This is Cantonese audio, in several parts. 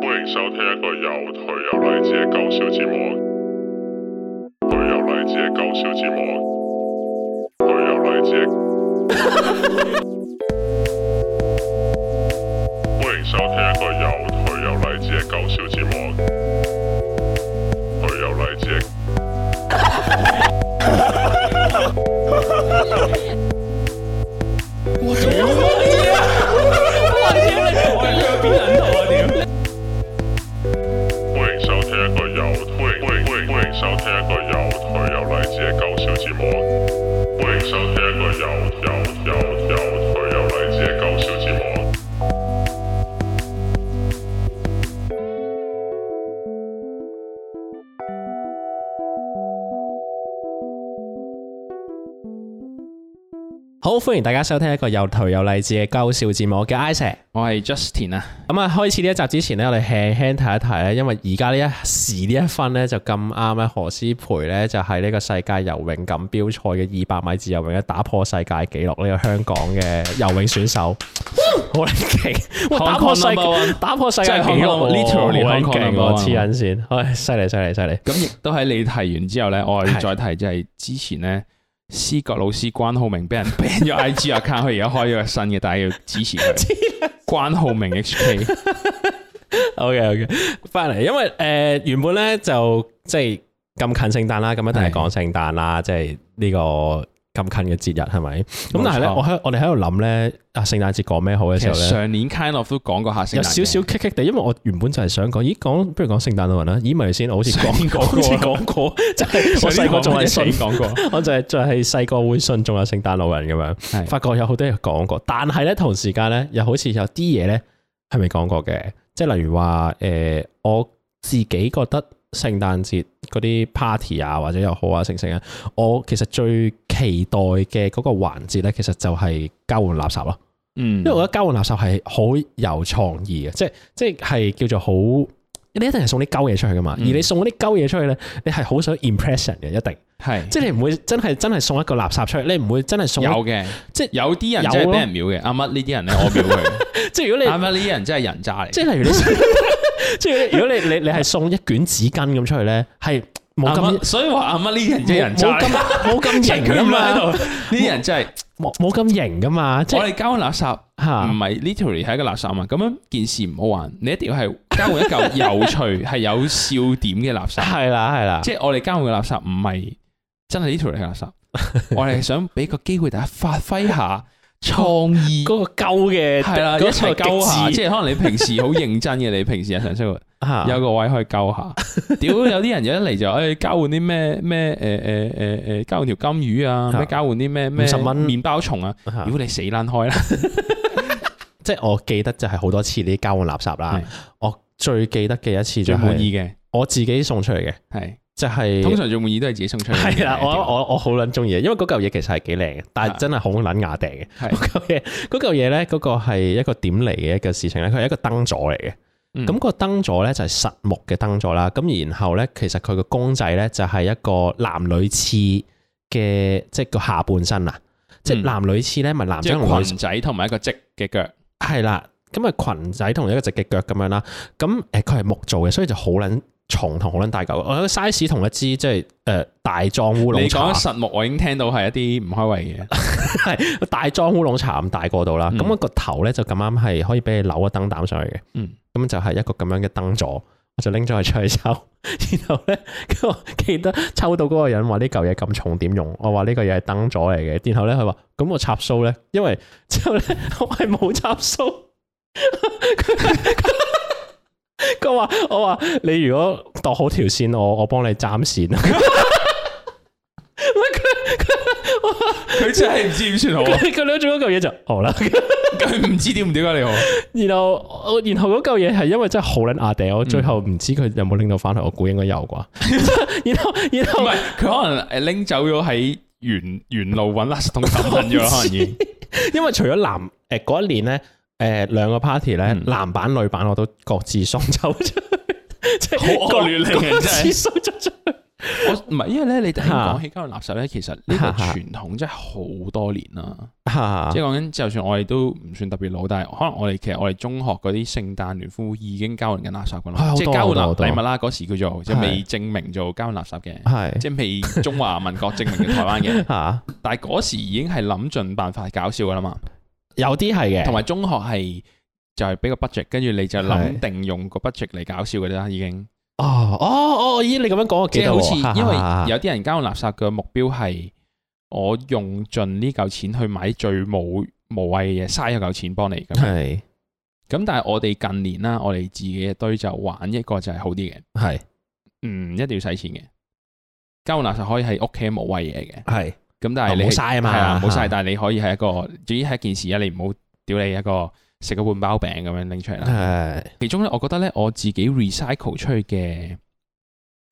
歡迎收聽一個又頹又勵志嘅搞笑節搞笑節目。 大家收聽一個又頹又勵志嘅搞笑節目，我叫 Isaac，我係 Justin 啊。咁啊，開始呢一集之前呢，我哋輕輕提一提咧，因為而家呢一時呢一分咧就咁啱咧，何詩蓓咧就喺呢個世界游泳錦標賽嘅二百米自由泳咧打破世界紀錄，呢個香港嘅游泳選手，好勁！打破世打破世界紀錄，literally 好勁啊！黐線先，唉，犀利犀利犀利！咁亦都喺你提完之後咧，我又要再提，就係之前咧。是思覺老師關浩明俾人 ban 咗 IG account。佢而家開咗新嘅，大家要支持佢。 關浩明 HK，OK OK 翻嚟，因為誒、呃、原本咧就即係咁近聖誕啦，咁一定係講聖誕啦，即係呢個。咁近嘅節日係咪？咁錯但係咧，我喺我哋喺度諗咧，啊聖誕節講咩好嘅時候咧？上年 kind of 都講過下，有少少棘棘地，因為我原本就係想講，咦，講不如講聖誕老人啦。咦，咪，先，我好似講講過，就係我細個仲係信講過，我，過我就係就係細個會信仲有聖誕老人咁樣，係是發覺有好多嘢講過，但係咧同時間咧，又好似有啲嘢咧係未講過嘅，即係例如話，誒、呃、我自己覺得聖誕節嗰啲 party 啊，或者又好啊，成成啊，我其實最期待嘅嗰個環節咧，其實就係交換垃圾咯。嗯，因為我覺得交換垃圾係好有創意嘅，嗯、即係即係叫做好。你一定係送啲鳩嘢出去噶嘛？嗯、而你送嗰啲鳩嘢出去咧，你係好想 impression 嘅一定係。是即係你唔會真係真係送一個垃圾出去，你唔會真係送有嘅的。即係是有啲人真係俾人秒嘅，阿乜呢啲人咧我秒佢。 即係如果你阿乜呢啲人真係人渣嚟， 即係例 如你，即係如果你你你係送一卷紙巾咁出去咧，係。冇咁，所以話阿乜呢啲人即係人渣，冇咁冇咁型噶嘛喺度，呢啲人真係冇冇咁型噶嘛。即係我哋交垃圾吓，唔係 literally 係一個垃圾嘛。咁樣件事唔好玩，你一定要係交換一嚿有趣、係 有笑點嘅垃圾。係啦係啦，即係我哋交換嘅垃圾唔係真係 literally 垃圾，我哋係想俾個機會大家發揮下。創意嗰個鳩嘅係啦，一齊鳩下，即係可能你平時好認真嘅，你平時日常生活有個位可以鳩下。屌有啲人有一嚟就誒交換啲咩咩誒誒誒誒交換條金魚啊，咩交換啲咩咩十蚊麵包蟲啊，如果你死撚開啦！即係我記得就係好多次啲交換垃圾啦。我最記得嘅一次最滿意嘅，我自己送出嚟嘅係。就係、是、通常最滿意都係自己送出嚟。係啦，我我我好撚中意因為嗰嚿嘢其實係幾靚嘅，但係真係好撚雅定嘅。嗰嚿嘢嗰嚿嘢咧，嗰個係一個點嚟嘅一個事情咧，佢係一個燈座嚟嘅。咁、嗯、個燈座咧就係實木嘅燈座啦。咁然後咧，其實佢個公仔咧就係一個男女廁嘅即係個下半身啊。嗯、即係男女廁咧，咪男仔同裙仔同埋一個直嘅腳。係啦，咁啊裙仔同埋一個直嘅腳咁樣啦。咁誒佢係木做嘅，所以就好撚。重同好撚大嚿，我 size 同一支即係誒、呃、大裝烏龍。你講實木，我已經聽到係一啲唔開胃嘅。 係大裝烏龍茶咁大個度啦，咁個、嗯、頭咧就咁啱係可以俾你扭一燈膽上去嘅。嗯，咁就係一個咁樣嘅燈座，我就拎咗佢出去抽。然後咧，後呢我記得抽到嗰個人話呢嚿嘢咁重，點用？我話呢個嘢係燈座嚟嘅。然後咧，佢話咁我插蘇咧，因為之後咧我係冇插蘇。 佢話我話，你如果度好條線，我我幫你斬線。乜 佢 真係唔知點算好？佢攞咗嗰嚿嘢就好啦，佢 唔知點唔點解你好？然後然後嗰嚿嘢係因為真係好撚阿定，我最後唔知佢有冇拎到翻嚟，我估應該有啩。 然後然後唔係佢可能誒拎走咗喺沿沿路搵垃圾桶抌緊咗， 可能已經 因為除咗男誒嗰、呃、一年咧。誒，兩個 party 咧，男版女版我都各自送走出去，即係好亂嚟嘅，真係送走出去。我唔係，因為咧，你講起交換垃圾咧，其實呢個傳統真係好多年啦。即係講緊，就算我哋都唔算特別老，但係可能我哋其實我哋中學嗰啲聖誕聯歡已經交換緊垃圾噶啦，即係交換垃禮物啦。嗰時叫做即係未證明做交換垃圾嘅，係即係未中華民國證明嘅台灣嘅。但係嗰時已經係諗盡辦法搞笑噶啦嘛。有啲係嘅，同埋中學係就係俾個 budget，跟住你就諗定用個 budget 嚟搞笑嗰啲啦，已經。哦哦哦，依、哦、你咁樣講，我記得好似，因為有啲人交換垃圾嘅目標係我用盡呢嚿錢去買最冇無，無謂嘅嘢，嘥一嚿錢幫你咁。係是。咁但係我哋近年啦，我哋自己一堆就玩一個就係好啲嘅，係是，嗯，一定要使錢嘅。交換垃圾可以喺屋企冇謂嘢嘅，係。咁但係你冇嘥啊嘛？係啊，冇嘥，但係你可以係一個，的至於係一件事啊，你唔好屌你一個食咗半包餅咁樣拎出嚟啦。的其中咧，我覺得咧，我自己 recycle 出去嘅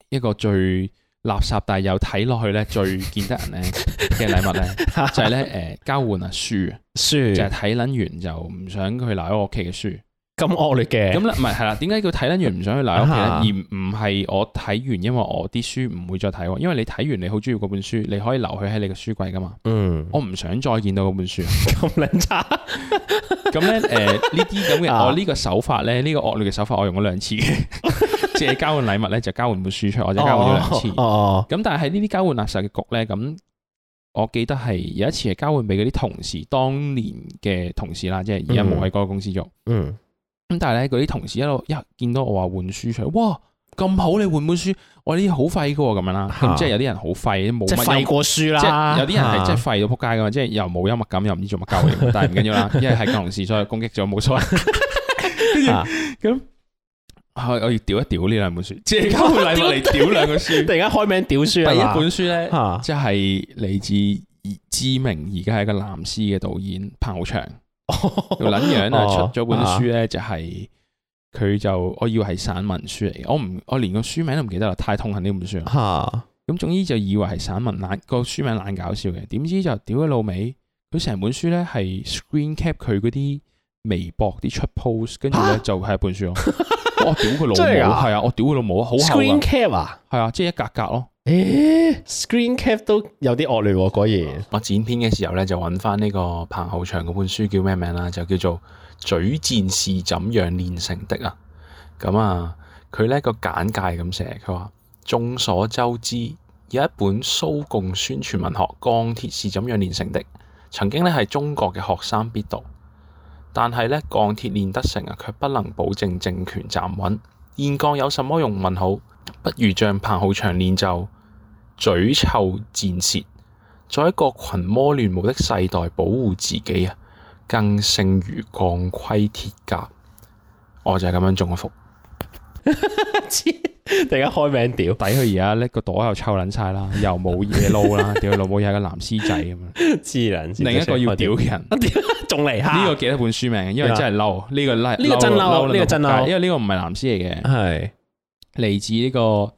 一個最垃圾，但係又睇落去咧最見得人咧嘅禮物咧， 就係咧誒交換啊書，書就係睇撚完就唔想佢留喺我屋企嘅書。咁惡劣嘅咁咧，唔係係啦。點解叫睇得完唔想去留屋企咧？Uh huh. 而唔係我睇完，因為我啲書唔會再睇。因為你睇完，你好中意嗰本書，你可以留佢喺你嘅書櫃噶嘛。嗯，mm. 我唔想再見到嗰本書咁捻差。咁咧 美，誒， 呢啲咁嘅我呢個手法咧，呢、這個惡劣嘅手法，我用咗兩次嘅。借 交換禮物咧，就交換本書出嚟，我就交換咗兩次。哦、oh, oh, oh。咁但係呢啲交換垃圾嘅局咧，咁我記得係有一次係交換俾嗰啲同事，當年嘅同事啦，即係而家冇喺嗰個公司做。嗯。Mm. Mm. 咁但係咧，嗰啲同事一路一見到我話換書出嚟，哇咁好，你換本書，我呢啲好廢噶，咁樣啦，即係有啲人好廢，冇即係廢過書啦，有啲人係真係廢到扑街噶嘛，即係又冇幽默感，又唔知做乜鳩嘢，但係唔緊要啦，因為係舊同事所以攻擊咗冇錯，跟住咁，我要屌一屌呢兩本書，即係交換禮物嚟屌兩個書，突然間開名屌書啊，第一本書咧即係嚟自知名而家係個藍絲嘅導演彭浩翔。個撚樣啊！出咗本書咧，就係佢就我以為係散文書嚟，我唔我連個書名都唔記得啦，太痛恨呢本書啦。咁、啊、總之就以為係散文爛個書名爛搞笑嘅，點知就屌佢老味，佢成本書咧係 screen cap 佢嗰啲微博啲出 post，跟住咧就係一本書咯、啊哦。我屌佢老母係 的啊！我屌佢老母好 s, Screen cap ? 啊！係啊，即係一格格咯。s、欸、screen cap 都有啲惡劣喎、啊，果然。我剪片嘅時候呢，就揾翻呢個彭浩翔嗰本書叫咩名啦？就叫做《嘴賤是怎樣練成的》啊。咁啊，佢呢個簡介咁寫，佢話眾所周知有一本蘇共宣傳文學《鋼鐵是怎樣煉成的》，啊、的曾經呢係中國嘅學生必讀。但係呢鋼鐵練得成啊，卻不能保證政權站穩。煉鋼有什麼用？問號，不如像彭浩翔練就。嘴臭賤舌，作為一個群魔亂舞的世代，保護自己啊，更勝於鋼盔鐵甲。我就係咁樣中咗伏，突然間開名屌，抵佢而家搦個袋又抽捻晒啦，又冇嘢撈啦，屌佢 老母又係個藍絲仔咁樣。黐撚線，另一個要屌嘅人，仲嚟？下，呢個幾多本書名？因為真係撈麼，呢、這個撈，呢個真撈，呢個真撈。因為呢個唔係藍絲嚟嘅，係嚟自呢個。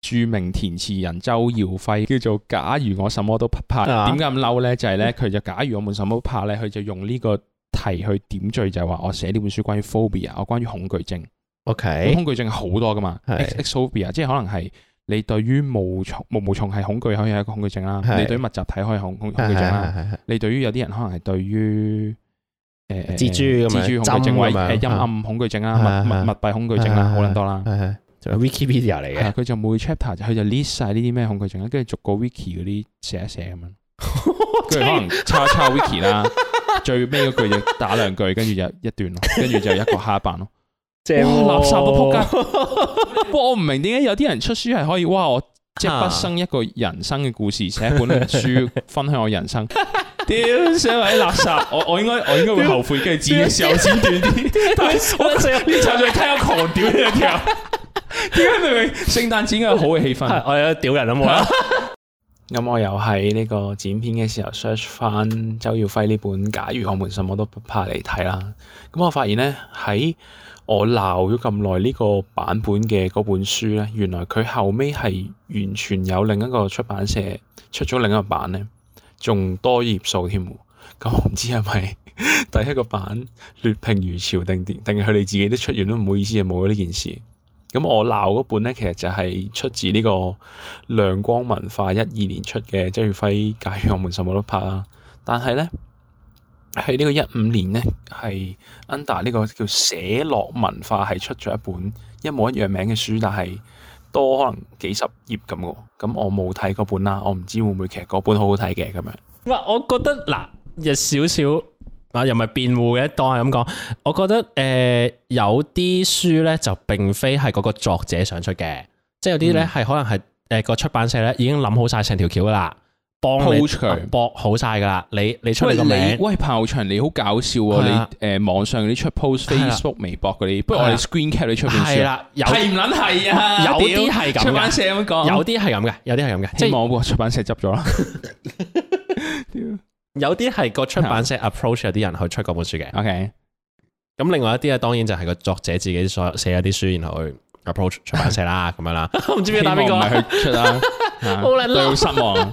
著名填詞人周耀輝叫做假如我什麼都不怕，點解咁嬲咧？就係咧，佢就假如我冇什麼怕咧，佢就用呢個題去點綴，就係話我寫呢本書關於 phobia，我關於恐懼症。OK，恐懼症係好多噶嘛？phobia，即係可能係你對於毛蟲、毛毛蟲係恐懼，可以係一個恐懼症啦。你對於密集體可以恐恐懼症啦。你對於有啲人可能係對於誒蜘蛛、蜘蛛恐懼症，誒陰暗恐懼症啊，密密閉恐懼症啊，好撚多啦。 就係 wiki video 嚟嘅，佢就冇 chapter，佢就 list 晒呢啲咩恐懼症，跟住逐個 wiki 嗰啲寫一寫咁樣，跟住 真 可能抄 一抄 wiki 啦，最尾嗰句就打兩句，跟住就一段咯，跟住就一個黑板咯，即係、哦、垃圾個撲街， 不過我唔明點解有啲人出書係可以，哇！我即刻生一個人生嘅故事，寫一本書 分享我人生。屌！想搵 垃圾，我應該我應該我應該會後悔，跟住剪嘅時候剪短啲。但係我成日呢集就聽下狂屌呢隻腳，點解明明聖誕節應該係好嘅氣氛？ 我有屌人啦冇啦。咁我， 我又喺呢個剪片嘅時候 search 翻周耀輝呢本《假如我們什麼都不怕》嚟睇啦。咁我發現呢，喺我鬧咗咁耐呢個版本嘅嗰本書呢，原來佢後尾係完全有另一個出版社出咗另一個版呢。仲多頁數添，咁我唔知係咪第一個版劣評如潮，定定係佢哋自己都出完都唔好意思啊，冇咗呢件事。咁我鬧嗰本呢，其實就係出自呢個亮光文化一二年出嘅周耀輝《假如我們什麼都拍》啦。但係呢，喺呢個一五年呢，係 Under 呢個叫寫樂文化係出咗一本一模一樣名嘅書，但係，多可能幾十頁咁，咁我冇睇嗰本啦，我唔知會唔會其實嗰本好好睇嘅咁樣。唔係，我覺得嗱，又少少啊，又唔係辯護嘅，當係咁講。我覺得誒，有啲、啊呃、書咧就並非係嗰個作者想出嘅，即係有啲咧係可能係誒個出版社咧已經諗好晒成條橋啦。幫佢博好晒噶啦，你你出嚟個名？喂，炮場你好搞笑啊！你誒，網上嗰啲出 post Facebook、微博嗰啲，不如我哋 screen cap 你出邊。係啦，係唔撚係啊？有啲係咁嘅。出版社咁講，有啲係咁嘅，有啲係咁嘅。即係冇出版社執咗啦。有啲係個出版社 approach 有啲人去出嗰本書嘅。OK，咁另外一啲啊，當然就係個作者自己所寫一啲書，然後去 approach 出版社啦，咁樣啦。我唔知邊打邊個。好難啦，好失望。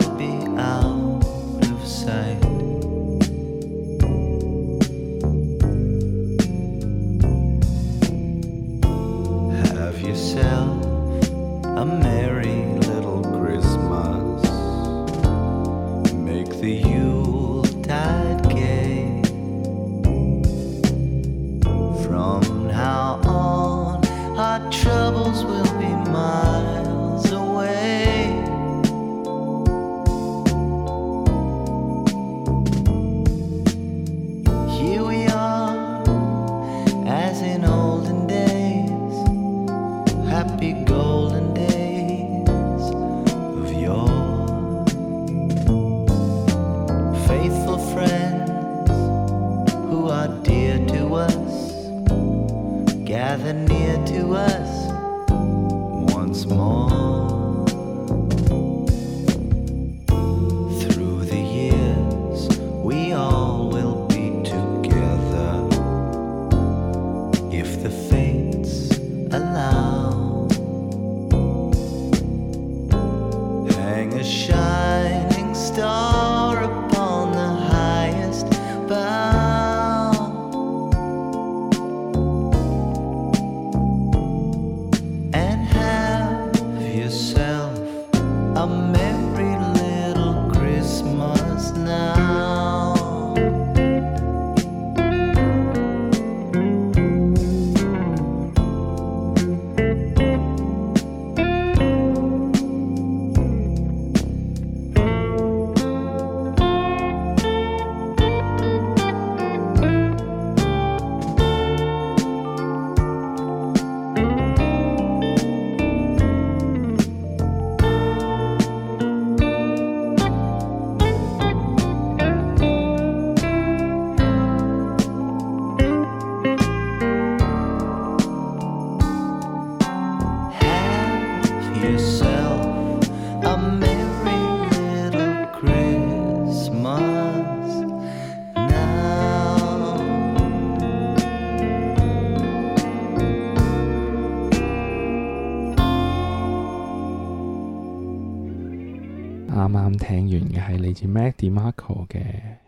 Mac DeMarco 嘅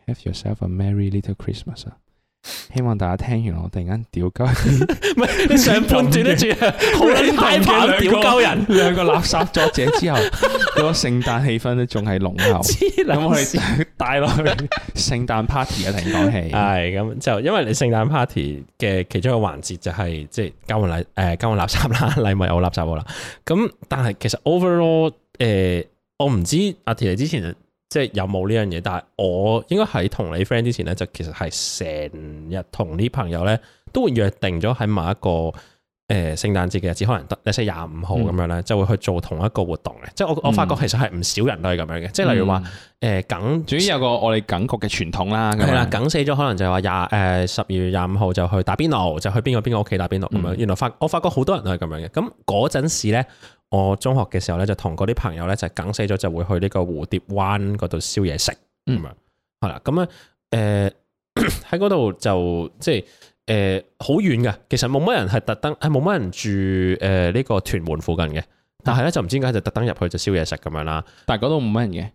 Have yourself a merry little Christmas 啊！希望大家聽完我突然間屌鳩，唔係 你上半段咧住好拉垮屌鳩人，兩個垃圾作者之後，嗰個聖誕氣氛咧仲係濃厚。咁 經病 我哋帶落去聖誕 party 嘅停檔期，係咁、 哎、就因為你聖誕 party 嘅其中一個環節就係即係交換禮誒交換垃圾啦，禮物有垃圾啦。咁但係其實 overall 誒、呃，我唔知阿 t e 之前。即係有冇呢樣嘢？但係我應該喺同你 friend 之前咧，就其實係成日同啲朋友咧都會約定咗喺某一個誒、呃、聖誕節嘅日子，可能得廿四廿五號咁樣咧，嗯、就會去做同一個活動嘅。嗯、即係我我發覺其實係唔少人都係咁樣嘅。即係例如話誒梗，總之、嗯呃、有個我哋梗局嘅傳統啦。係啦、嗯，梗死咗可能就係話廿誒十二月廿五號就去打邊爐，就去邊個邊個屋企打邊爐咁樣。嗯、原來發我發覺好多人都係咁樣嘅。咁嗰陣時咧。我中學嘅時候咧，就同嗰啲朋友咧就梗死咗，就會去呢個蝴蝶灣嗰度燒嘢食咁、嗯、樣。係啦，咁啊誒喺嗰度就即係誒好遠嘅，其實冇乜人係特登，係冇乜人住誒呢、呃呢個屯門附近嘅。但係咧就唔知點解就特登入去就燒嘢食咁樣啦。嗯、但係嗰度冇乜人嘅。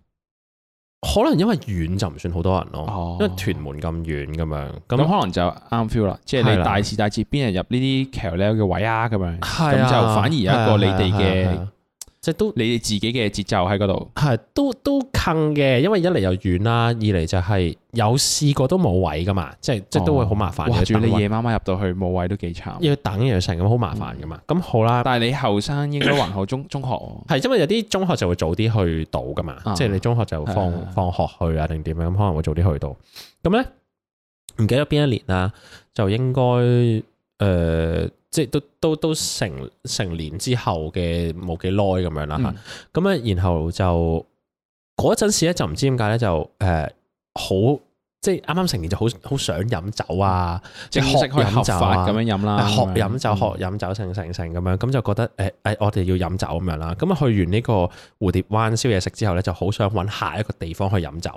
可能因為遠就唔算好多人咯。哦、因為屯門咁遠咁樣，咁可能就啱 feel 啦。即係的你大時大節邊人入呢啲騎樓嘅位啊咁樣，咁的就反而有一個你哋嘅。即都你哋自己嘅節奏喺嗰度，係都都坑嘅，因為一嚟又遠啦，二嚟就係有試過都冇位噶嘛，即係、哦、即係都會好麻煩嘅。住哇等你夜媽媽入到去冇位都幾慘，要等又成咁，好麻煩噶嘛。咁、嗯、好啦，但係你後生應該還好中，中 中學係、哦，因為有啲中學就會早啲去到噶嘛，即係、嗯、你中學就放的放學去啊，定點樣？可能會早啲去到。咁咧唔記得邊一年啦，就應該誒。呃呃即係都都都成成年之後嘅冇幾耐咁樣啦吓，咁啊然後就嗰陣時咧就唔知點解咧就誒好。呃即係啱啱成年就好好想飲酒啊，即係學飲酒啊咁樣飲啦、啊，的的學飲酒學飲酒成成成咁樣，咁就覺得誒誒、嗯哎哎，我哋要飲酒咁樣啦。咁啊去完呢個蝴蝶灣燒嘢食之後咧，就好想搵下一個地方去飲酒。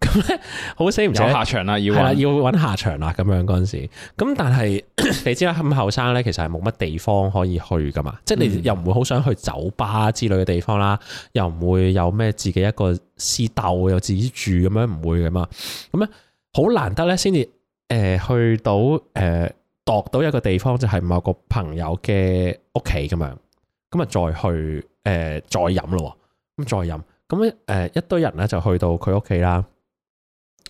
咁咧好死唔走下場啦，要要搵下場啦。咁樣嗰陣時，咁但係、嗯、你知啦，咁後生咧，其實係冇乜地方可以去噶嘛。即係你又唔會好想去酒吧之類嘅地方啦，又唔會有咩自己一個。試鬥又自己住咁樣唔會嘅嘛，咁咧好難得咧先至誒去到誒、呃、度到一個地方就係、是、某個朋友嘅屋企咁樣，咁啊再去誒、呃、再飲咯。咁再飲，咁咧誒一堆人咧就去到佢屋企啦，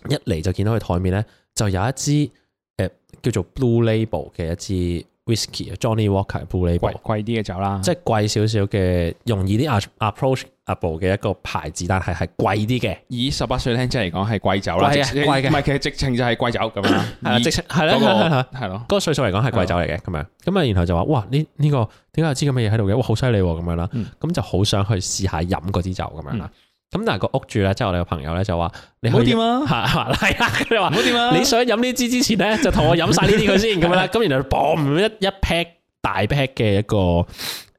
一嚟就見到佢枱面咧就有一支誒、呃、叫做 Blue Label 嘅一支。Whisky Johnny Walker、布利博貴貴啲嘅酒啦，即係貴少少嘅，容易啲 approachable 嘅一個牌子，但係係貴啲嘅。以十八歲聽者嚟講係貴酒啦，貴嘅，唔係其實直情就係貴酒咁樣，直情係咯，係咯，嗰個歲數嚟講係貴酒嚟嘅咁樣。咁啊，然後就話哇，呢呢個點解有啲咁嘅嘢喺度嘅？哇，好犀利咁樣啦，咁就好想去試下飲嗰支酒咁樣啦。咁但係個屋住咧，即、就、係、是、我哋個朋友咧就話你好掂啊，係係 說啊，佢話好掂啊。你想飲呢支之前咧，就同我飲晒呢啲佢先咁樣啦。咁 然後 boom 一一 pack 大 pack 嘅一個誒、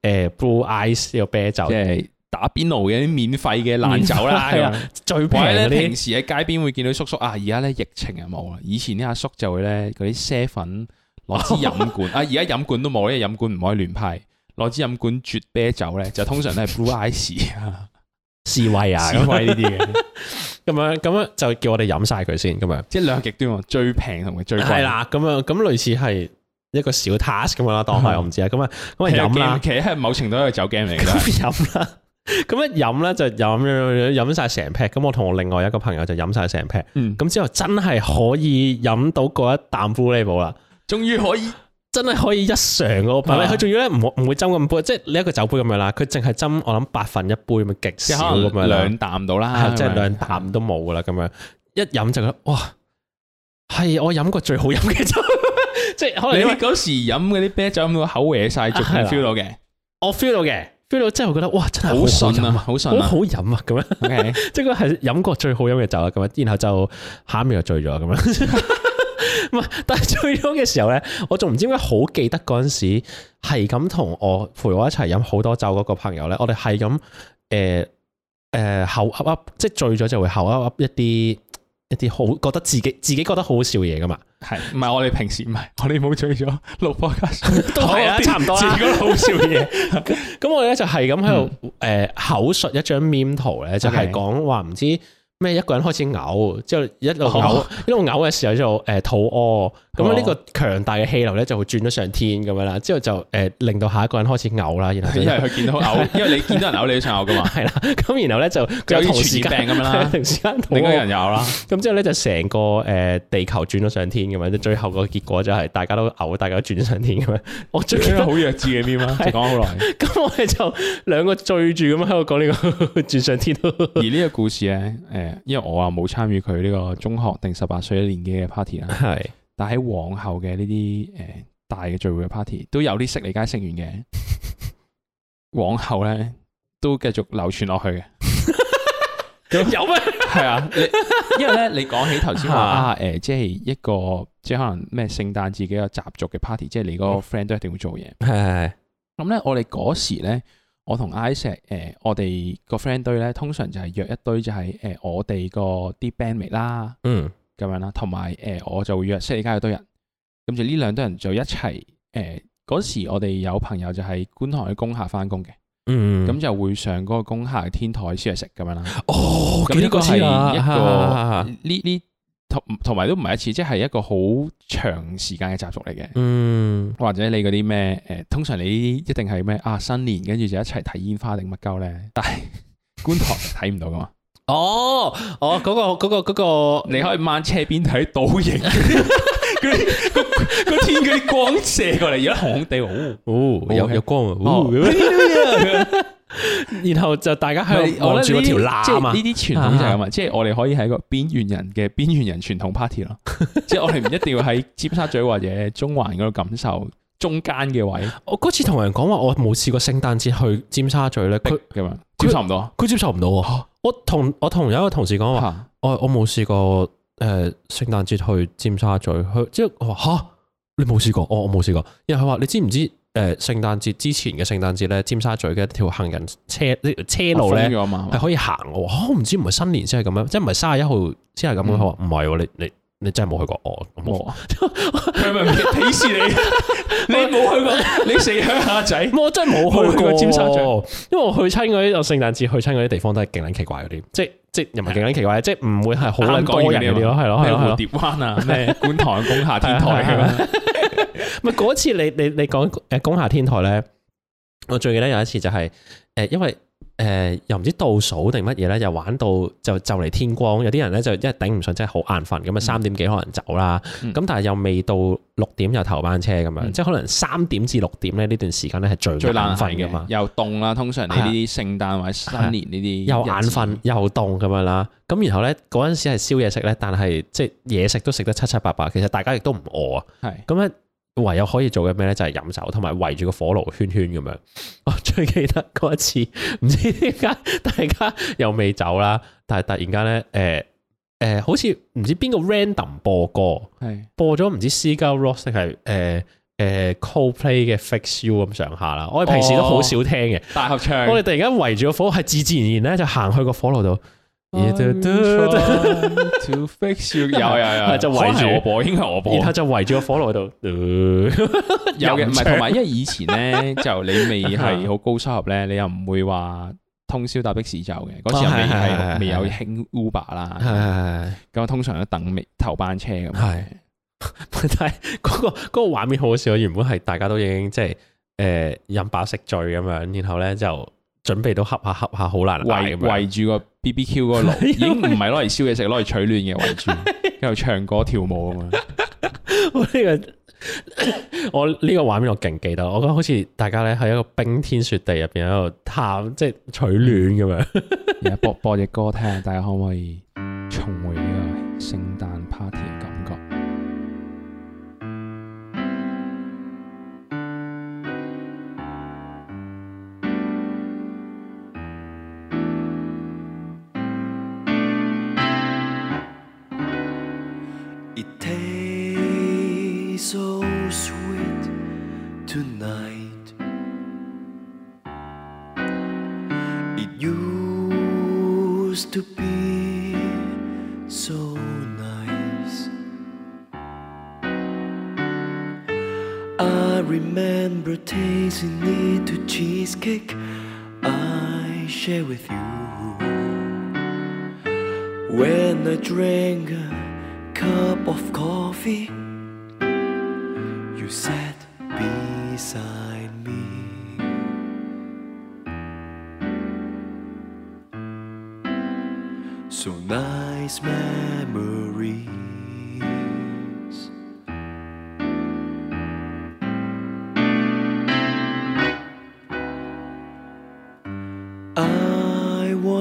呃、Blue Ice 呢嘅啤酒，即係打邊爐嘅啲免費嘅爛酒啦，係費啊，啊最平嗰平時喺街邊會見到叔叔啊，而家咧疫情又冇啦。以前啲阿叔，叔就咧嗰啲 service 攞支飲管， 啊而家飲管都冇因啦，飲管唔可以亂派，攞支飲管啜啤酒咧就通常都係 Blue Ice 啊。 示威啊，示威呢啲嘅咁樣咁樣就叫我哋飲晒佢先咁樣，即係兩極端，最平同埋最貴係啦。咁啊咁類似係一個小 task 咁、嗯、啦，當係我唔知啦。咁啊咁啊飲啦，其實係某程度一個酒 game 嚟嘅。飲 喝啦，咁 一飲咧就飲飲飲晒成 pack。咁我同我另外一個朋友就飲晒成 pack。咁、嗯、之後真係可以飲到嗰一啖 full level 啦，終於、嗯、可以。真係可以一嘗嗰個，佢仲要咧唔唔會斟咁杯，即係你一個酒杯咁樣啦。佢淨係斟我諗八分一杯，咁咪極少咁樣，兩啖到啦，即係兩啖都冇噶啦。咁樣一飲就覺得：「哇，係我飲過最好飲嘅酒， 即係可能嗰時飲嗰啲啤酒，個口歪晒，仲 feel 到嘅，啊、我 feel 到嘅，feel 到，即係我覺得哇，真係好順啊，好順，好好飲啊，咁樣，即係佢係飲過最好飲嘅酒啦，咁樣，然後就下面就醉咗咁樣。 唔係，但係最終嘅時候咧，我仲唔知點解好記得嗰陣時係咁同我陪我一齊飲好多酒嗰個朋友咧。我哋係咁誒誒口噏噏，即係醉咗就會口噏噏一啲一啲好覺得自己自己覺得好笑嘢㗎嘛。係唔係我哋平時唔係我哋冇醉咗六波卡， 都係啦、啊，點差唔多啦，自己覺得好笑嘢。咁 我哋咧就係咁喺度誒口述一張面圖咧，就係講話唔知。咩一個人開始嘔，之後一路嘔，一路嘔嘅時候就誒肚屙，咁啊呢個強大嘅氣流咧就會轉咗上天咁樣啦，之後就誒令到下一個人開始嘔啦，然後因為佢見到嘔，因為你見到人嘔你都想嘔噶嘛，係啦，咁然後咧就有同時病咁樣啦，突然之間同另一個人又嘔啦，咁之後咧就成個誒地球轉咗上天咁樣，最後個結果就係大家都嘔，大家都轉咗上天咁樣，我醉好弱智嘅添啊，成講好耐，咁我哋就兩個醉住咁樣喺度講呢個轉上天，而呢個故事咧誒。因為我啊冇參與佢呢個中學定十八歲嘅年紀嘅 party 啦，係是，但喺往後嘅呢啲誒大嘅聚會嘅 party 都有啲識你家識完嘅， 往後咧都繼續流傳落去嘅，有咩？係啊，因為咧你講起頭先話誒，即係一個即係可能咩聖誕自己個習俗嘅 party，即係你個 friend 都一定會做嘢。係係， 咁咧我哋嗰時咧。我同 Isa 誒我哋個 friend 堆咧，通常就係約一堆、就是，就係誒我哋個啲 bandmate 啦，嗯，咁樣啦，同埋誒我就會約識而家有堆人，咁就呢兩堆人就一齊，誒、呃、嗰時我哋有朋友就係觀塘嘅工廈翻工嘅，嗯，咁就會上嗰個工廈嘅天台先嚟食咁樣啦。哦，咁呢樣、嗯、個係一個呢呢。啊啊啊啊同同埋都唔係一次，即係一個好長時間嘅習俗嚟嘅。嗯，或者你嗰啲咩誒，通常你一定係咩啊新年跟住就一齊睇煙花定乜鳩咧，但係觀塘睇唔到噶嘛。哦，哦，嗰個，嗰個，嗰個，你可以慢斜邊睇倒影。 嗰天嗰啲光射過嚟，而家紅紅地，哦哦有有光，哦，然後就大家喺度望住嗰條纜。呢啲傳統就係咁。即係我哋可以喺個邊緣人嘅邊緣人傳統 party 咯。即係我哋唔一定要喺尖沙咀或者中環嗰度感受中間嘅位。我嗰次同人講話，我冇試過聖誕節去尖沙咀咧，佢咁樣，接受唔到，佢接受唔到啊。我同我同有一個同事講話，我我冇試過。誒，聖誕節去尖沙咀去，即、就、係、是、我話吓，你冇試過，哦、我我冇試過。因為佢話你知唔知？誒、呃，聖誕節之前嘅聖誕節咧，尖沙咀嘅一條行人車呢車路咧係可以行嘅。我唔、哦、知唔係新年先係咁樣，即係唔係三十一號先係咁樣。佢話唔係，你你。你真係冇去過我，佢係咪鄙視你？你冇去過，你死鄉下仔，我真係冇去過尖沙咀，因為我去親嗰啲，我聖誕節去親嗰啲地方都係勁捻奇怪嗰啲，即係即係又唔係勁捻奇怪，即係唔會係好多人嗰啲咯，係咯係咯，蝴蝶灣啊，咩觀塘工廈天台咁係嗰次你你你講誒工廈天台咧，我最記得有一次就係誒因為。誒、呃，又唔知倒數定乜嘢咧，又玩到就就嚟天光，有啲人咧就因為頂唔順，真係好眼瞓咁啊，三點幾可能走啦。咁、嗯、但係又未到六點又頭班車咁樣，嗯、即係可能三點至六點咧呢段時間咧係最最眼瞓噶嘛，又凍啦。通常呢啲聖誕或者新年呢啲、啊啊、又眼瞓又凍咁樣啦。咁然後咧嗰陣時係燒嘢食咧，但係即係嘢食都食得七七八八，其實大家亦都唔餓啊。係咁咧。唯有可以做嘅咩咧，就係飲酒，同埋圍住個火爐圈圈咁樣。我最記得嗰一次，唔知點解大家又未走啦，但係突然間咧，誒、呃、誒、呃，好似唔知邊個 random 播歌，係是播咗唔知、Sigur Rós、呃、定係誒誒 Coldplay 嘅 Fix You 咁上下啦。我哋平時都好少聽嘅、哦、大合唱，我哋突然間圍住個火爐係自自然然咧就行去個火爐度。有有有，就圍住我播，應該我播。然後就圍住個火爐度、 呃。有嘅，唔係 是，同埋因為以前咧， 就你未係好高收入咧，你又唔會話通宵搭的士走嘅。嗰時未係未有興 Uber 啦，咁通常都等尾頭班車咁。係，但係嗰、嗰個嗰、嗰個畫面好好笑啊！原本係大家都已經即係誒飲飽食醉咁樣，然後咧就。準備到恰下恰下好難，圍圍住個 B B Q 嗰個爐，已經唔係攞嚟燒嘢食，攞嚟取暖嘅圍住，喺度唱歌跳舞咁樣！呢 個我呢個畫面我勁記得，我覺得好似大家咧喺一個冰天雪地入邊喺度探，即係取暖咁樣，而家 播播隻歌聽，看看大家可唔可以重回呢個聖誕？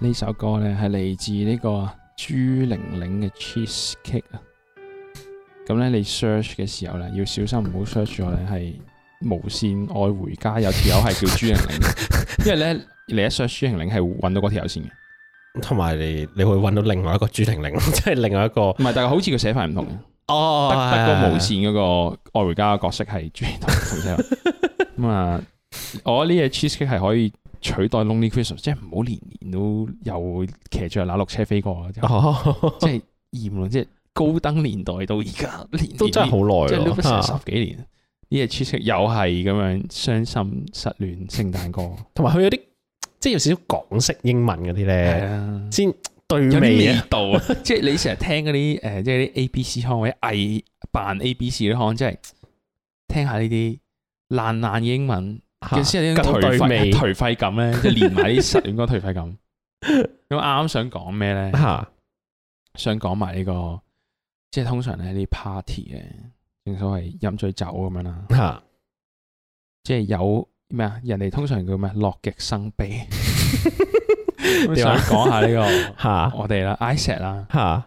呢首歌咧係嚟自呢個朱凌凌嘅 Cheese Cake 啊，咁咧你 search 嘅時候咧要小心要，唔好 search 咗咧係無線愛回家有條友係叫朱玲玲， 因為咧你一 search 朱玲玲係會搵到嗰條友先嘅，同埋你你會搵到另外一個朱玲玲，即 係另外一個，唔係，但係好似佢寫法唔同，哦，得個無線嗰個愛回家嘅角色係朱玲玲咁啊，我覺得呢個 Cheese Cake 係可以。取代 Lonely Christmas，即係唔好年年都又騎住揦落車飛過，哦、哈哈哈哈即係厭咯。即係高登年代到而家，年，年，年都真係好耐咯，十幾年。呢隻出色又係咁樣傷心失戀聖誕歌，同埋佢有啲即係有少少港式英文嗰啲咧，對了先對味啊、 呃！即係你成日聽嗰啲誒，即係啲 A B C 腔或者偽扮 A B C 啲腔，即係聽下呢啲爛爛嘅英文。其實係一種頹廢頹廢感咧，即係連埋啲失戀嗰頹廢感。咁啱啱想講咩咧？吓，想講埋呢個，即係通常咧啲 party 嘅，正所謂飲醉酒咁樣啦。吓， 即係有咩啊？人哋通常叫咩？樂極生悲。我想講下呢個吓，我哋啦，Iset 啦吓，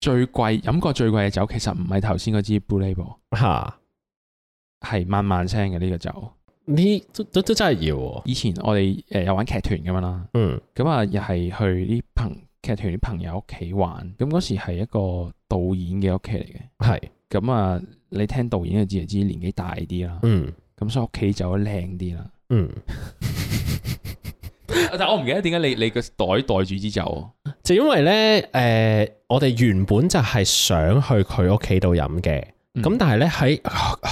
最貴飲過最貴嘅酒，其實唔係頭先嗰支 Blue Label 吓， 係萬萬聲嘅呢個酒。你都都真係要，啊。以前我哋誒、呃、有玩劇團咁樣啦，嗯，咁啊又係去啲朋劇團啲朋友屋企玩。咁嗰時係一個導演嘅屋企嚟嘅，係，嗯。咁啊，你聽導演就知就知年紀大啲啦，嗯。咁所以屋企就靚啲啦，嗯。 但係我唔記得點解你你個袋袋住支酒，啊，就因為咧，誒、呃，我哋原本就係想去佢屋企度飲嘅。咁但係咧，喺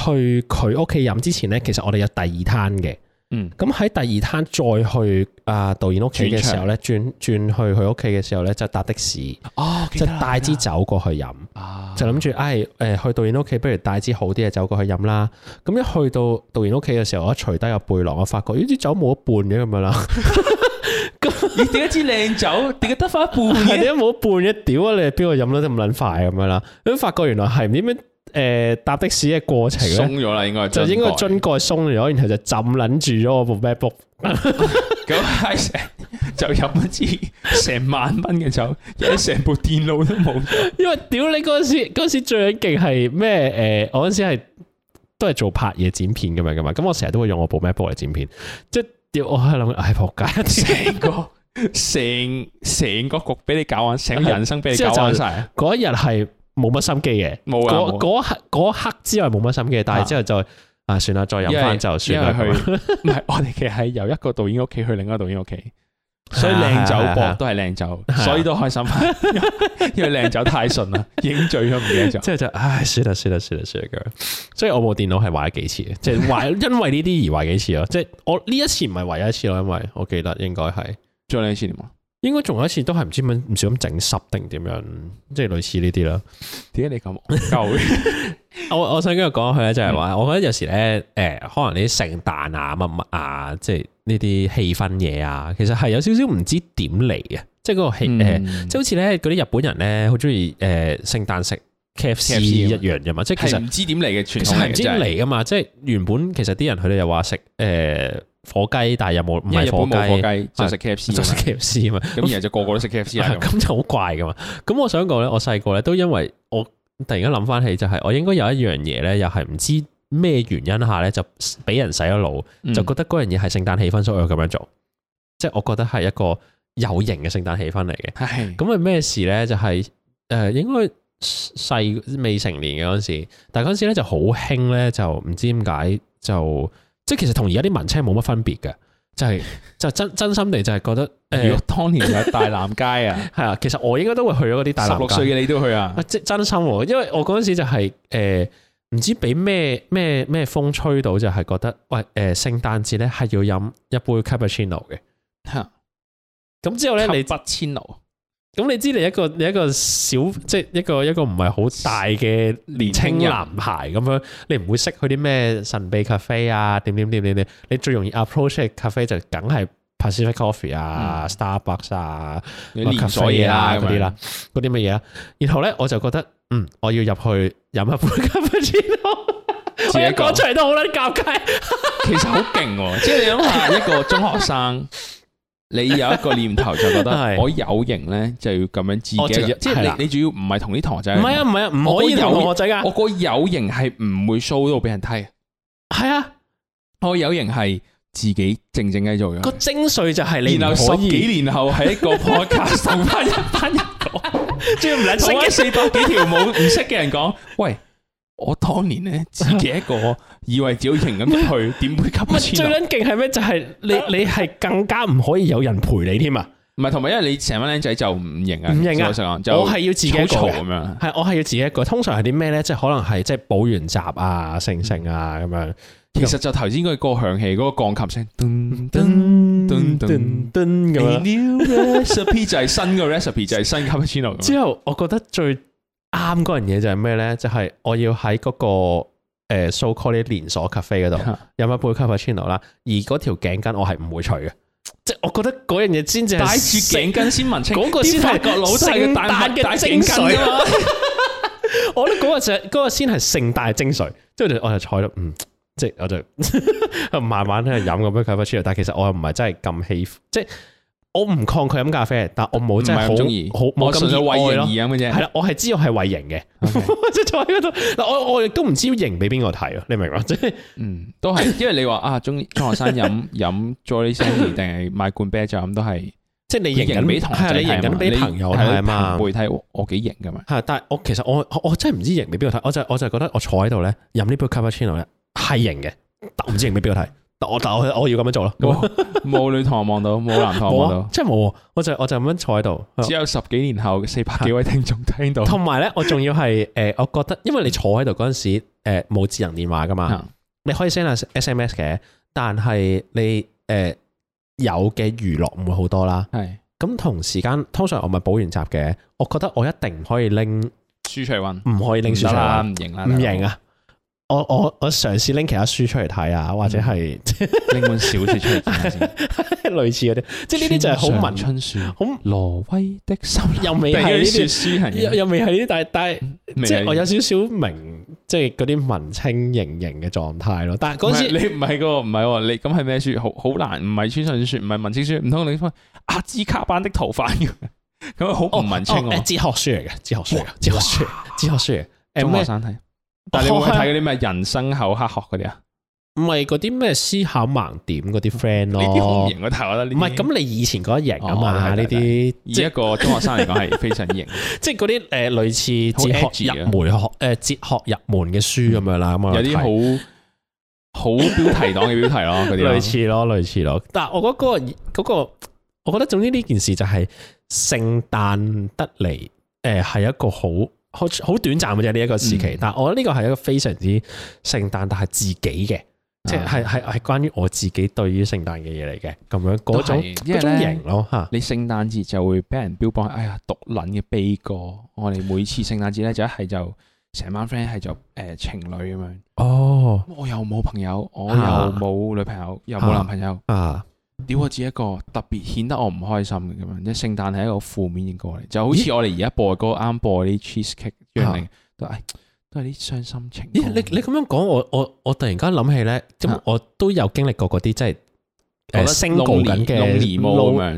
去佢屋企飲之前咧，其實我哋有第二攤嘅。嗯，咁喺第二攤再去啊導演屋企嘅時候咧，轉轉去佢屋企嘅時候咧，就搭的士，即係帶支酒過去飲。啊，就諗住，唉，誒，去導演屋企，不如帶支好啲嘅酒過去飲啦。咁一去到導演屋企嘅時候，我一除低個背囊，我發覺呢支酒冇一半嘅咁樣啦。咁你點解支靚酒點解得翻一半嘅？點解冇一半嘅？屌啊！你邊個飲得咁撚快咁樣啦？咁發覺原來係唔知咩。誒，搭的士嘅過程咧，鬆咗喇應該就應該樽蓋鬆咗，然後就浸捻住咗我部 MacBook，咁嗨成就飲一支成萬蚊嘅酒，而家成部電腦都冇。因為屌你嗰時嗰時最勁係咩？誒，我嗰時係都係做拍嘢剪片咁樣噶嘛。咁我成日都會用我部 MacBook 嚟剪片，即係屌我喺諗，唉仆街，成個成成個局俾你搞完，成個人生俾你搞完晒。嗰一日係。冇乜心機嘅，嗰嗰刻刻之外，冇乜心機，但係之後就，啊，算啦，再飲翻就算啦。唔係，我哋其實係由一個導演屋企去另一個導演屋企，所以靚酒噃都係靚酒，所以都開心。因為靚酒太順啦，飲醉咗唔記得咗。即係就唉，算啦算啦算啦算啦咁。所以我部電腦係壞咗幾次嘅，即係壞因為呢啲而壞幾次咯。即係我呢一次唔係唯一一次咯，因為我記得應該係再呢次點啊？應該仲有一次都係唔知點，唔小咁整濕定點樣，即係類似呢啲啦。點解 你咁舊？ 我我想繼續講佢，咧，就係話，我覺得有時咧，誒，可能啲聖誕啊、乜乜啊，即係呢啲氣氛嘢啊，其實係有少少唔知點嚟啊，即係嗰個氣誒，即係、嗯呃、好似咧嗰啲日本人咧，好中意誒，聖誕食 K F C 一樣嘅嘛，即係其實唔知點嚟嘅傳統嚟噶嘛，即係原本其實啲人佢哋又話食誒。呃火雞，但係有冇唔係火雞，火雞啊、就食 K F C，就食 K F C 啊嘛。咁而家就個個都食 K F C，咁就好怪噶嘛。咁、啊啊、我想講咧，我細個咧都因為我突然間諗翻起，就係我應該有一樣嘢咧，又係唔知咩原因下咧，就俾人洗咗腦，就覺得嗰樣嘢係聖誕氣氛，所以我咁樣做。即係、嗯、我覺得係一個有型嘅聖誕氣氛嚟嘅。咁係咩事咧？就係、是、誒、呃，應該細未成年嘅嗰陣時，但係嗰陣時咧就好興咧，就唔知點解就。即其實同而家啲文青冇乜分別嘅，就係、是、就真真心地就係覺得，誒， 如果當年有大南街啊，係 啊，其實我應該都會去咗嗰啲大南街。十六歲嘅你都去啊？即真心、啊，因為我嗰陣時就係誒唔知俾咩咩咩風吹到，就係覺得，喂、呃、誒，聖誕節咧係要飲一杯 cappuccino 嘅嚇。咁、啊、之後咧，你 cappuccino 咁你知你一個你一個小即係一個一個唔係好大嘅年輕男孩咁樣，你唔會識佢啲咩神秘咖啡啊？點點點點點，你最容易 approach 嘅咖啡就梗係 Pacific Coffee 啊、嗯、Starbucks 啊、連鎖嘢啊嗰啲、啊、因為啦，嗰啲乜嘢啊？然後咧，我就覺得嗯，我要入去飲下杯咖啡先咯。 自己一個我一講出嚟都好撚尷尬。 其實好勁、啊，即係你諗下一個中學生。 你有一個念頭就覺得我有型呢，就要咁樣自己，即係你你主要唔係同啲同學仔，唔係啊唔係啊，唔可以同同學仔噶。我個有型係唔會 show 到俾人睇，係啊，我有型係自己靜靜咁做嘅。個精髓就係你然後十幾年後係一個 podcast，剩翻一班人講，仲唔識四百幾條舞唔識嘅人講，喂。我當年咧自己一個，以為只要型咁去，點會吸唔係最撚勁係咩？就係你你係更加唔可以有人陪你添啊！唔係同埋，因為你成班僆仔就唔型啊！唔型啊！我係要自己一個咁樣，係我係要自己一個。通常係啲咩咧？即係可能係即係補完習啊、成成啊咁樣。其實就頭先嗰個響起嗰個鋼琴聲，噔噔噔噔噔咁樣。New recipe 就係新嘅 recipe，就係新吸 channel。之後我覺得最。啱嗰樣嘢就係咩咧？就係、是、我要喺嗰個誒 so call 連鎖咖啡嗰度飲一杯 cappuccino 啦，而嗰條頸巾我係唔會除嘅，即係我覺得嗰樣嘢先至係戴住頸巾先聞出嗰個法國佬大麥嘅精， 精髓。我嗰個就嗰個先係盛大精髓，即係我就我就坐嗯，即係我就慢慢喺度飲嗰杯 cappuccino，但係其實我又唔係真係咁喜歡，即係。我唔抗拒飲咖啡，但我冇真係好，我純粹為型咯，係啦，我係知道係為型嘅。即坐喺嗰度，嗱我我亦都唔知型俾邊個睇啊？你明唔明嘛？即、就、係、是，嗯，都係，因為你話啊，中中學生飲飲 Jolly Shandy 定係買罐啤酒咁都係，即係你型緊俾你型俾、啊、朋友睇啊嘛？背睇、啊、我幾型噶嘛？啊、但係我其實我我真係唔知型俾邊個睇，我就我就覺得我坐喺度咧飲呢杯 Cappuccino 咧係型嘅，但係唔知型俾邊個睇。我但我要咁樣做咯，冇女堂望到，冇男堂望到，即係冇，我就我就咁樣坐喺度。只有十幾年後四百幾位聽眾聽到，同埋咧，我仲要係誒，我覺得因為你坐喺度嗰陣時誒冇智能電話噶嘛，你可以 send 下 SMS 嘅，但係你誒有嘅娛樂唔會好多啦。係咁同時間，通常我咪補完習嘅，我覺得我一定唔可以拎書出嚟溫，唔可以拎書出嚟溫，唔型啦，唔型啊！我我我嘗試拎其他書出嚟睇下，或者係拎本小說出嚟，睇類似嗰啲，即係呢啲就係好文春書，好上很挪威的心又未係呢啲書，又未係呢啲，但係但係即係我有少少明，即係嗰啲文青型型嘅狀態咯。但係嗰時你唔係噶，唔係、啊、你咁係咩書？好好難，唔係村上書，唔係文青書，唔通你阿茲、啊、卡班的逃犯咁好唔文青啊？哲、哦哦呃、學書嚟嘅，哲學書，哲學書，哲 學書，做咩想睇？ 但係你會睇嗰啲咩人生口黑學嗰啲啊？唔係嗰啲咩思考盲點嗰啲 friend 咯？呢啲好型啊！但我覺得呢唔係咁。你以前嗰一型啊嘛？呢啲以一個中學生嚟講係非常型，即係嗰啲誒類似哲學入門學誒哲學入門嘅書咁樣啦。咁啊有啲好好標題黨嘅標題咯，嗰啲 類似咯，類似咯。類似咯，但係我覺得嗰個、嗰個，我覺得總之呢件事就係聖誕得嚟誒係一個好。好好短暫嘅啫，呢一個時期，嗯、但係我呢個係一個非常之聖誕，但係自己嘅，啊、即係係係關於我自己對於聖誕嘅嘢嚟嘅，咁樣嗰種嗰種型咯吓。啊、你聖誕節就會俾人標榜，哎呀，獨撚嘅悲歌。我哋每次聖誕節咧，就一係就成班 friend 係做誒情侶咁樣。哦，我又冇朋友，我又冇女朋友，又冇男朋友。啊啊屌！我自己一個特別顯得我唔開心嘅咁樣，即係聖誕係一個負面嘅歌嚟，就好似我哋而家播嘅歌，啱播啲 cheese cake 一樣，都係都係啲傷心情。你你咁樣講，我我我突然間諗起咧，即我都有經歷過嗰啲即係誒升高緊嘅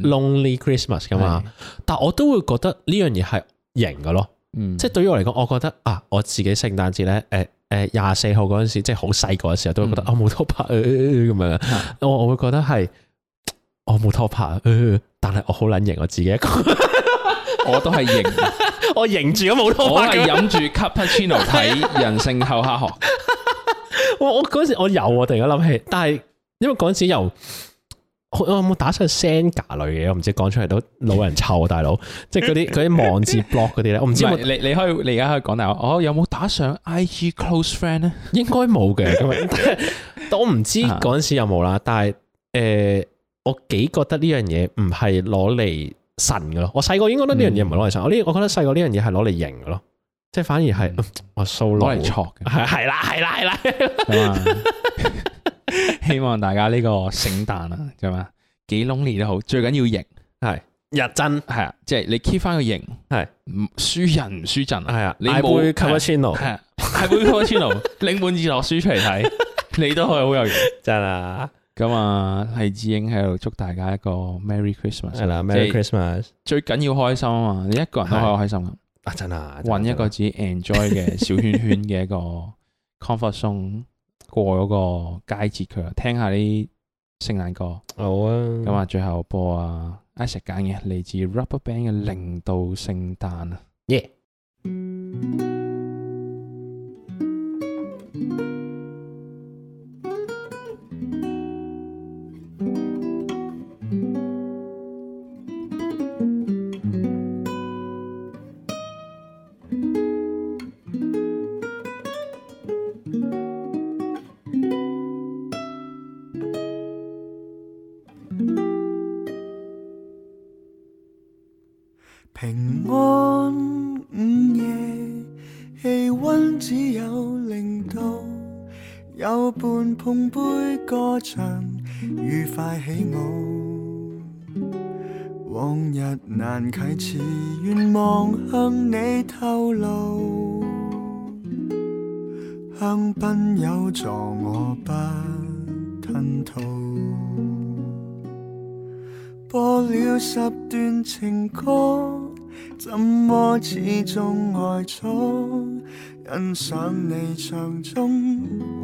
lonely Christmas 噶嘛，但我都會覺得呢樣嘢係型嘅咯。即係對於我嚟講，我覺得啊，我自己聖誕節咧，誒誒廿四號嗰陣時，即係好細個嘅時候，都會覺得啊冇得拍咁樣，我我會覺得係。我冇拖拍，但係我好捻型，我自己一個， 我都係型， 我型住都冇拖拍，我係飲住 Cappuccino 睇《人性厚黑學》 我。我我嗰時我有、啊，我突然間諗起，但係因為嗰陣時有我有冇打上 Senga 類嘅，我唔知講出嚟都老人臭、啊、大佬，即係嗰啲嗰啲網字 blog 嗰啲咧。我唔知有有你你可以你而家可以講大我、哦、有冇打上 IG close friend 咧？ 應該冇嘅，但我唔知嗰陣時有冇啦。但係誒。 我幾覺得呢樣嘢唔係攞嚟神嘅咯，我細個應該覺得呢樣嘢唔係攞嚟神，我呢，我覺得細個呢樣嘢係攞嚟型嘅咯，即係反而係我 solo 攞嚟錯嘅，係啦係啦係啦，希望大家呢個聖誕啊，知嘛？幾 lonely 都好，最緊要型係日真係啊，即係你 keep 翻個型係，唔輸人唔輸陣係啊，大杯卡布奇諾係，大杯卡布奇諾拎本哲學書出嚟睇，你都可以好有型真啊！咁啊，係勵志鷹喺度祝大家一個 Merry Christmas，係啦，Merry Christmas，最緊要開心啊嘛，你一個人都可以開心噶，啊真啊，搵一個自己 enjoy 嘅小圈圈嘅一個 comfort zone 過嗰個佳節佢，聽下啲聖誕歌，好啊，咁啊最後播阿 Ash 揀嘅嚟自 Rubberband 嘅零度聖誕啊，yeah。有伴碰杯歌唱，愉快起舞。往日難啟齒願望向你透露，香檳有助我不吞吐。播了十段情歌，怎麼始終愛錯？欣賞你場中。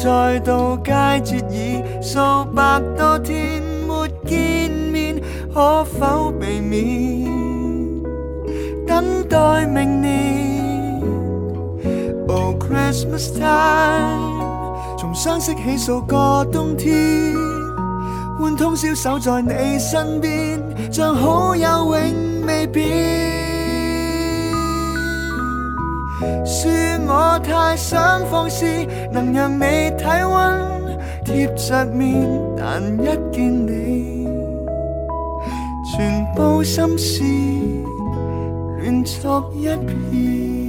再度佳節已數百多天沒見面，可否避免？等待明年。Oh Christmas time，從相識起數個冬天，換通宵守在你身邊，像好友永未變。說我太想放肆，能讓你體溫貼着面，但一見你，全部心思亂作一片。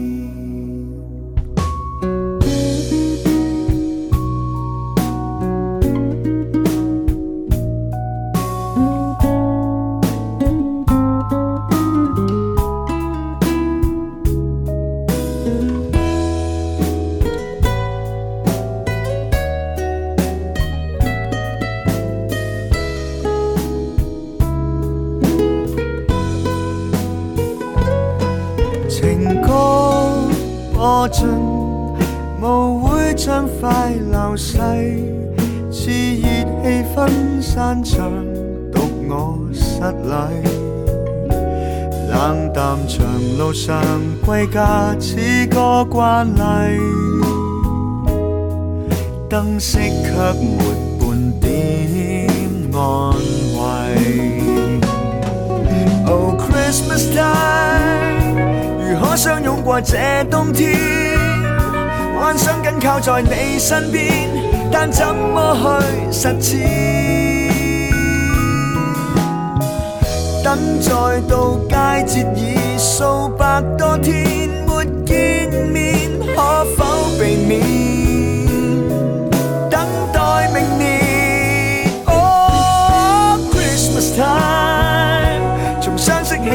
如可相擁過這冬天，幻想緊靠在你身邊，但怎麼去實踐？等再度佳節已數百多天沒見面，可否避免？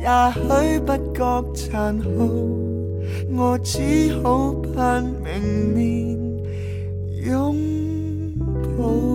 也許不覺殘酷，我只好盼明年擁抱。